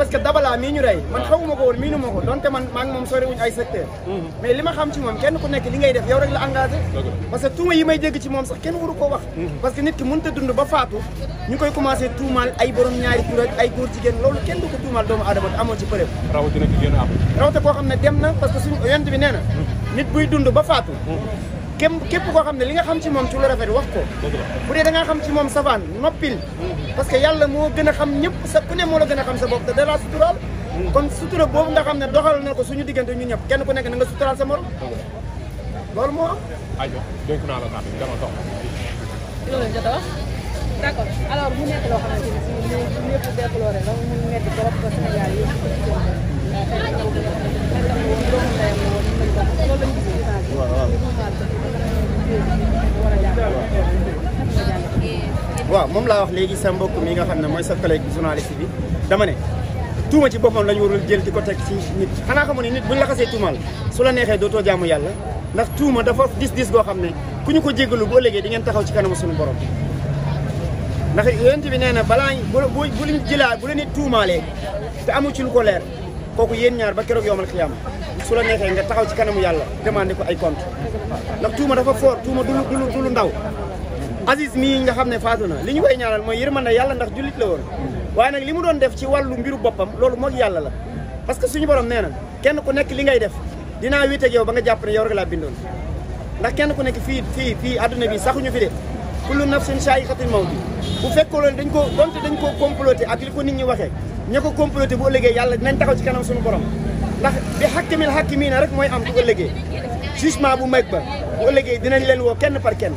parce que Dabala mii ñu rey man xamuma ko woon mii ko donte man maa moom sori wuñ ay secteur mhm. mais li ma xam ci moom kenn ku nekk li ngay def yow rek la engagé parce que tuuma yi may dégg ci moom sax kenn waru koo wax mhm. parce que nit ki mënut a dund ba faatu ñu koy commencé tuumaal ay borom ñaari tur ay góor jigéen loolu kenn du ko tuumaal doomu aadama te amoo ci preuve rawate koo xam ne dem na parce que suñu bi nee na mhm. nit buy dund ba faatu képp képp koo xam ne li nga xam ci moom ci a rafet wax ko bu dee da nga xam ci moom safaan noppil mm-hmm. parce yàlla moo gën a xam ñëpp sa ku ne moo la gën a xam sa bopp te dara suturaal mm-hmm. kon sutura boobu nga xam ne doxal na ko suñu diggante ñu ñëpp kenn ku nekk na nga suturaal sa morom loolu moo am aywa dégg la kàddu dama a waaw moom laa wax léegi sa mbokk mi nga xam ne mooy sa collègue journaliste bi dama ne tuuma ci boppam lañu ñu warul jël di ko teg ci nit xanaa xamu ne nit buñ la xasee tuumaal su la neexee dootoo jaamu yàlla ndax tuuma dafa dis dis goo xam ne ku ñu ko jéggalu boo léegi di ngeen taxaw ci kanamu suñu borom ndax yonent bi nee na balaa bu bu leen jëlaat bu leen tuumaalee te amu ci lu ko leer kooku yéen ñaar ba keroog yowmal xiyaama su la neexee nga taxaw ci kanamu yàlla demandé ko ay compte ndax tuuma dafa fort tuuma du lu du lu ndaw Aziz mii nga xam ne faatu na li ñu koy ñaanal mooy yërmande yàlla ndax jullit la woon waaye nag li mu doon def ci wàllu mbiru boppam loolu moog yàlla la parce que suñu borom nee na kenn ku nekk li ngay def dinaa wéet ak yow ba nga jàpp ne yow rek laa bindoon ndax kenn ku nekk fii fii fii adduna bi saxuñu fi de kullu nafsin saa'iqatul mawt bu fekkoo loolu dañ ko donte dañ ko comploté ak li ko nit ñi waxee ña ko comploté bu ëllëgee yàlla dinañ taxaw ci kanam suñu borom ndax bi xàkkimil xàkkimiina rek mooy am bu ëllëgee jugement bu mag ba bu ëllëgee dinañ leen woo kenn par kenn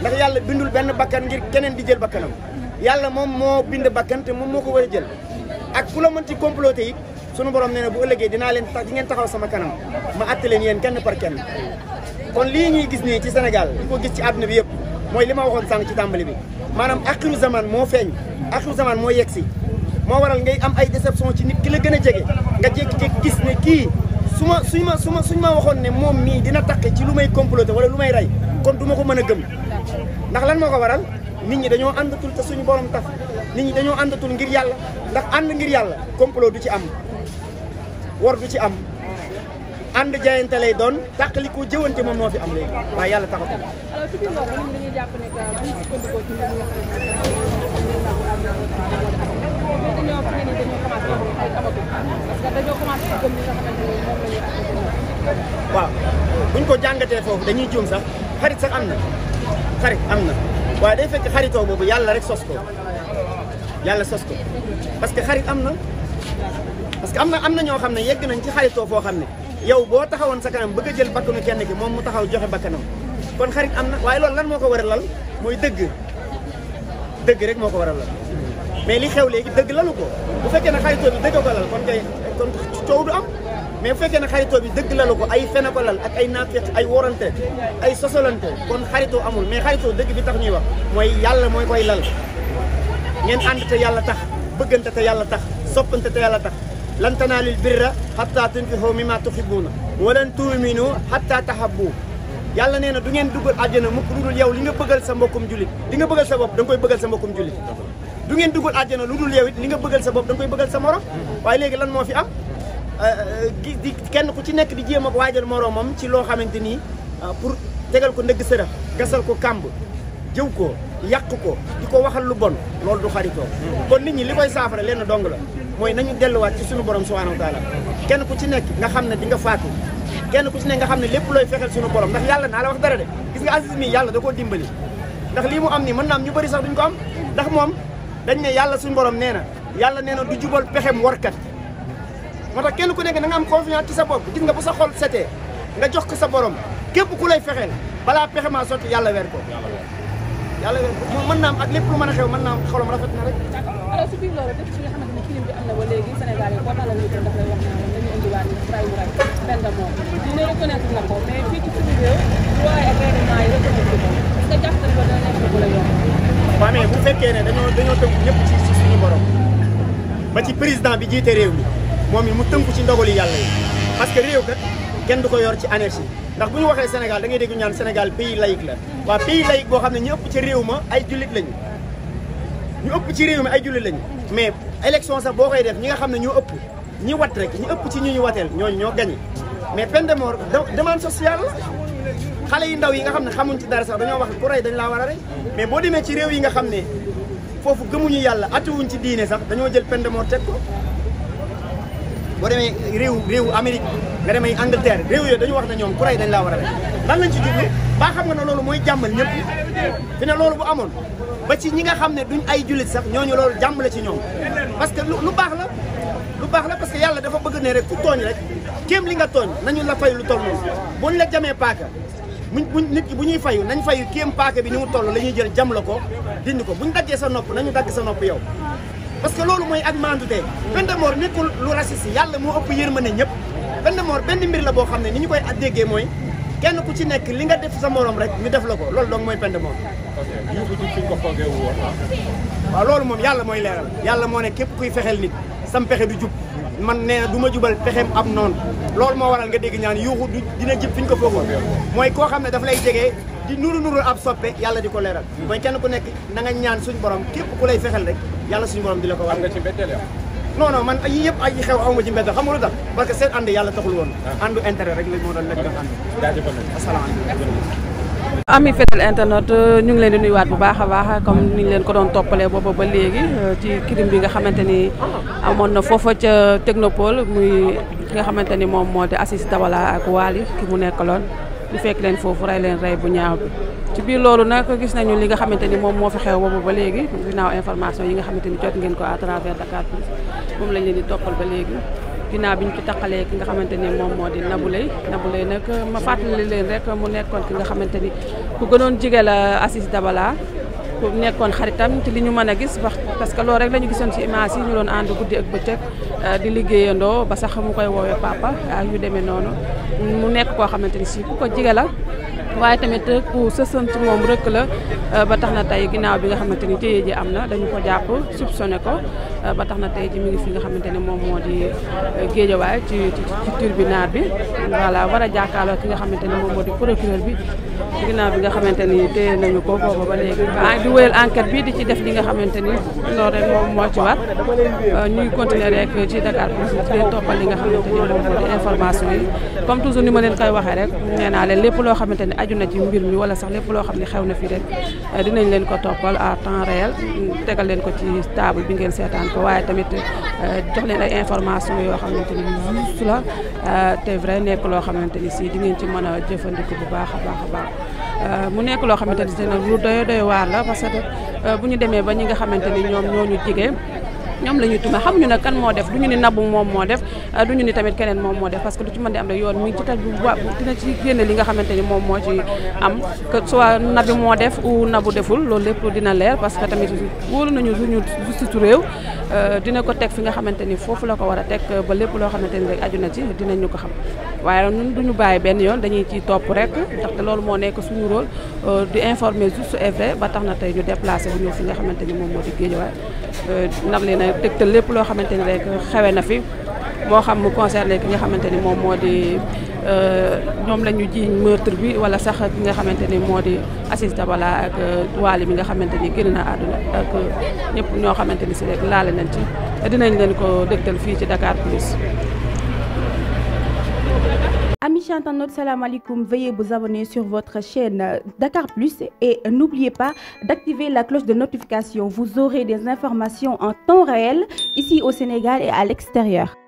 ndax yàlla bindul benn bakkan ngir keneen di jël bakkanam yàlla moom moo bind bakkan te moom moo ko war a jël ak ku la ci comploté yi sunu borom nee na bu ëllëgee dinaa leen tax di ngeen taxaw sama kanam ma àtte leen yéen kenn par kenn kon lii ñuy gis nii ci Sénégal di ko gis ci àdduna bi yëpp mooy li ma waxoon sànq ci tàmbali bi maanaam axiru zaman moo feeñ axiru zaman moo yegsi si moo waral ngay am ay déception ci nit ki la gën a jege nga jékki gis ne kii su ma suñ ma su suñ ma waxoon ne moom mii dina takk ci lu may comploté wala lu may rey kon du ko mën a gëm ndax lan moo ko waral nit ñi dañoo àndatul sa suñu borom tax nit ñi dañoo àndatul ngir yàlla ndax ànd ngir yàlla complot du ci am war du ci am ànd jaayante lay doon tàqali ko jëwante moom moo fi am léegi waaye yàlla taxatul. alors ci ko jàngatee foofu dañuy juum sax xarit sax am na. xarit am na waaye day fekk xaritoo boobu yàlla rek sos ko yàlla sos ko parce que xarit am na parce que am na am na ñoo xam ne yegg nañ ci xaritoo foo xam ne yow boo taxawoon sa kanam bëgg a jël bakkanu kenn ki moom mu taxaw joxe bakkanam kon xarit am na waaye loolu lan moo ko war a lal mooy dëgg dëgg rek moo ko war a lal mais li xew léegi dëgg lalu ko bu fekkee ne xaritoo bi dëgg ko lal kon kay coow du am mais bu fekkee ne xaritoo bi dëgg lalu ko ay fene ko lal ak ay naafeq ay worante ay sosolante kon xaritoo amul mais xaritoo dëgg bi tax ñuy wax mooy yàlla mooy koy lal ngeen ànd te yàlla tax bëggante te yàlla tax soppante te yàlla tax lan tanaalul birra xatta tunfixu mimma tuxibuuna wa lan tuuminu xatta tahabbu yàlla nee na du ngeen duggal àjjana mukk lu dul yow li nga bëggal sa mbokkum jullit li nga bëggal sa bopp da nga koy bëggal sa mbokkum bopp da nga koy bëggal sa morom waaye léegi lan moo fi am di kenn ku ci nekk di jéem a waajal moroomam ci loo xamante ni ah, pour tegal ko ndëgg sërëx gasal ko kàmb jëw ko yàq ko di ko waxal lu bon loolu du xaritoo kon nit ñi li koy saafara leen dong la mooy nañu delluwaat ci sunu borom subhanahu wa taala kenn ku ci nekk nga xam ne di nga faatu kenn ku ci nekk nga xam ne lépp looy fexeel sunu borom ndax yàlla naa la wax dara de gis nga Aziz mii yàlla da koo dimbali ndax lii mu am nii mën na am ñu bari sax duñ ko am ndax moom dañ yàlla suñu borom nee na yàlla nee na du jubal pexem warkat moo kenn ku nekk na nga am confiance sa bopp gis nga bu sa xol setee nga jox ko sa borom képp ku lay fexeel balaa pexe maa sotti yàlla weer ko. yàlla weer ko mën naa am ak lépp lu mën a xew mën naa am xolam rafet na rek. d'accord alors su biir loolu def ci nga xamante ni kilim bi am na ba léegi Sénégal yi boo tàllal micro daf lay wax naa la nañu indiwaat ñu fray wu rek benn nekk bu fekkee ne dañoo dañoo tënk ñëpp bi jiite réew mi moom it mu tënku ci ndogalu yàlla yi parce que réew kat kenn du ko yor ci anarchie ndax bu ñu waxee Sénégal da ngay dégg ñaan Sénégal pays laïque la waa pays laïque boo xam ne ñu ci réew ma ay jullit lañu ñu ëpp ci réew mi ay jullit lañu mais élection sax boo koy def ñi nga xam ne ñoo ëpp ñi rek ñi ëpp ci ñu ñu wateel ñooñu ñoo gagné mais peine de mort demande sociale yi ndaw yi nga xam ne xamuñ ci dara sax dañoo wax ku rey dañ laa mais boo demee ci réew yi nga xam ne foofu gëmuñu yàlla atuwuñ ci diine sax dañoo jël pen de mort teg ko boo demee réew réewu Amérique nga demee Angleterre réew yooyu dañu wax na ñoom ku rey dañ laa war a rey lan lañ ci jublu baa xam nga ne loolu mooy jàmmal ñëpp fi ne loolu bu amoon ba ci ñi nga xam ne duñ ay jullit sax ñooñu loolu jàmm la ci ñoom parce que lu baax la lu baax la parce que yàlla dafa bëgg ne rek ku tooñ rek kéem li nga tooñ nañu la fay lu toll boo ñu la jamee paaka muñ buñ nit bu ñuy fayu nañ fayu kéem paaka bi ni mu toll la jël jam la ko dindi ko buñ daggee sa nopp nañu dagg sa nopp yow parce que loolu mooy ak mandute peine de mort lu raciste yàlla moo ëpp yërmande ñëpp peine de mort benn mbir la boo xam ne ni ñu koy déggee mooy kenn ku ci nekk li nga def sa morom rek ñu def la ko loolu donc mooy peine de mort waaw loolu moom yàlla mooy leeral yàlla moo ne képp kuy fexeel nit sam pexe du jub man nee du ma jubal pexeem am noonu loolu moo waral nga dégg ñaan yuuxu du dina jib fi ñu ko foogoon mooy koo xam ne daf lay jege di nuru nuru ab soppe yàlla di ko leeral mooy kenn ku nekk na nga ñaan suñ borom képp ku lay fexeel rek yàlla suñu borom di la ko am nga ci mbetteel yow. non non yëpp ma ci mbetteel xam nga lu tax parce que seen yàlla taxul woon. Ah. àndu intérêt rek lañ moo doon lañ ami fetal internet euh, ñu ngi leen di nuyuwaat bu baax a baax comme ni ñu leen ko doon toppalee booba ba léegi euh, ci crime bi nga xamante ni amoon na foofa ca technopole muy ki nga xamante ni moom moo di Aziz Dabala ak Wally ki mu nekkaloon ñu fekk leen foofu rey leen rey bu ñaaw bi ci biir loolu nag gis nañu li nga xamante ni moom moo fi xew boobu ba léegi ginnaaw information yi nga xamante ni jot ngeen ko à travers Dakar Plus moom lañ leen di toppal ba léegi ginnaaw bi ñu ci taqalee ki nga xamante ni moom moo di Nabou Leye Nabou Leye nag ma fàttali leen rek mu nekkoon ki nga xamante ni ku gënoon jige la Aziz Dabala ku nekkoon xaritam ci li ñu mën a gis wax parce que loolu rek la ñu gisoon ci image yi ñu doon ànd guddi ak bëccëg euh, di liggéeyandoo ba sax mu koy woowee papa ak ñu demee noonu mu nekk koo xamante ni si ku ko jige la waaye tamit ku sësan ci moom rëkk la euh, ba tax na tey ginnaaw bi nga xamante ni jëye ji am na dañu ko jàpp sone ko euh, ba tax na tey ji mi ngi fi nga xamante ne moom moo di géejawaay ci ci tribunal bi voilà war a jàkkaarloo ki nga xamante ni moom moo di procureur bi ginnaaw bi nga xamante ni téye nañu ko booba ba léegi ah, ci def li nga xamante ni loolu rek moo ci war euh, ñuy continuer rek ci Dakar Plus di li nga xamante ni information yi comme toujours ni ma leen waxee rek nee lépp loo xamante ni aju na ci mbir mi wala sax lépp loo xam ne xew na fii rek euh, dinañ leen ko toppal temps réel tegal leen ko ci table bi ngeen seetaan waaye tamit euh, jox leen ay information yoo xamante ni juste la te vrai nekk loo xamante ni si di ngeen ci mën a jëfandiku bu baax a baax a baax Euh, mu nekk loo xamante ni nag lu doy doy waar la parce que euh, bu ñu demee ba ñi nga xamante ni ñoom ñoo ñu jigee ñoom la ñuy tuma xamuñu nag kan moo def du ñu ni nabu moom moo def euh, du ñu ni tamit keneen moom moo def parce que du ci man di am rek yoon mi ci tal bu wa dina ci génne li nga xamante ni moom moo ci am que soit nabi moo def ou nabu deful loolu lépp dina leer parce que tamit wóolu nañu suñu justice réew Euh, dina ko teg fi nga xamante ni foofu la ko war a teg euh, ba lépp loo xamante ni rek aju na ci ñu ko xam waaye ñun ñu bàyyi benn yoon dañuy ciy topp rek ndaxte loolu moo nekk suñu rol euh, di informer juste et ba tax na tey ñu déplacé bu ñëw fi nga xamante ni moom moo di Guédiawaye nar leen teg tegtal lépp loo xamante ni rek xewe na fi moo xam mu concerné ki nga xamante ni moom moo di moom euh, la ñu jiiñ meurtre bi wala sax ki nga xamante ni moo di Aziz Dabala ak euh, Waly bi nga xamante ni génn na àdduna ak euh, ñëpp ñoo xamante ni si laale nañ ci dinañ leen ko dégtal fii ci Dakar Plus. Amis internautes, salam alaikum. Veuillez vous abonner sur votre chaîne Dakar Plus et n'oubliez pas d'activer la cloche de notification. Vous aurez des informations en temps réel ici au Sénégal et à l'extérieur.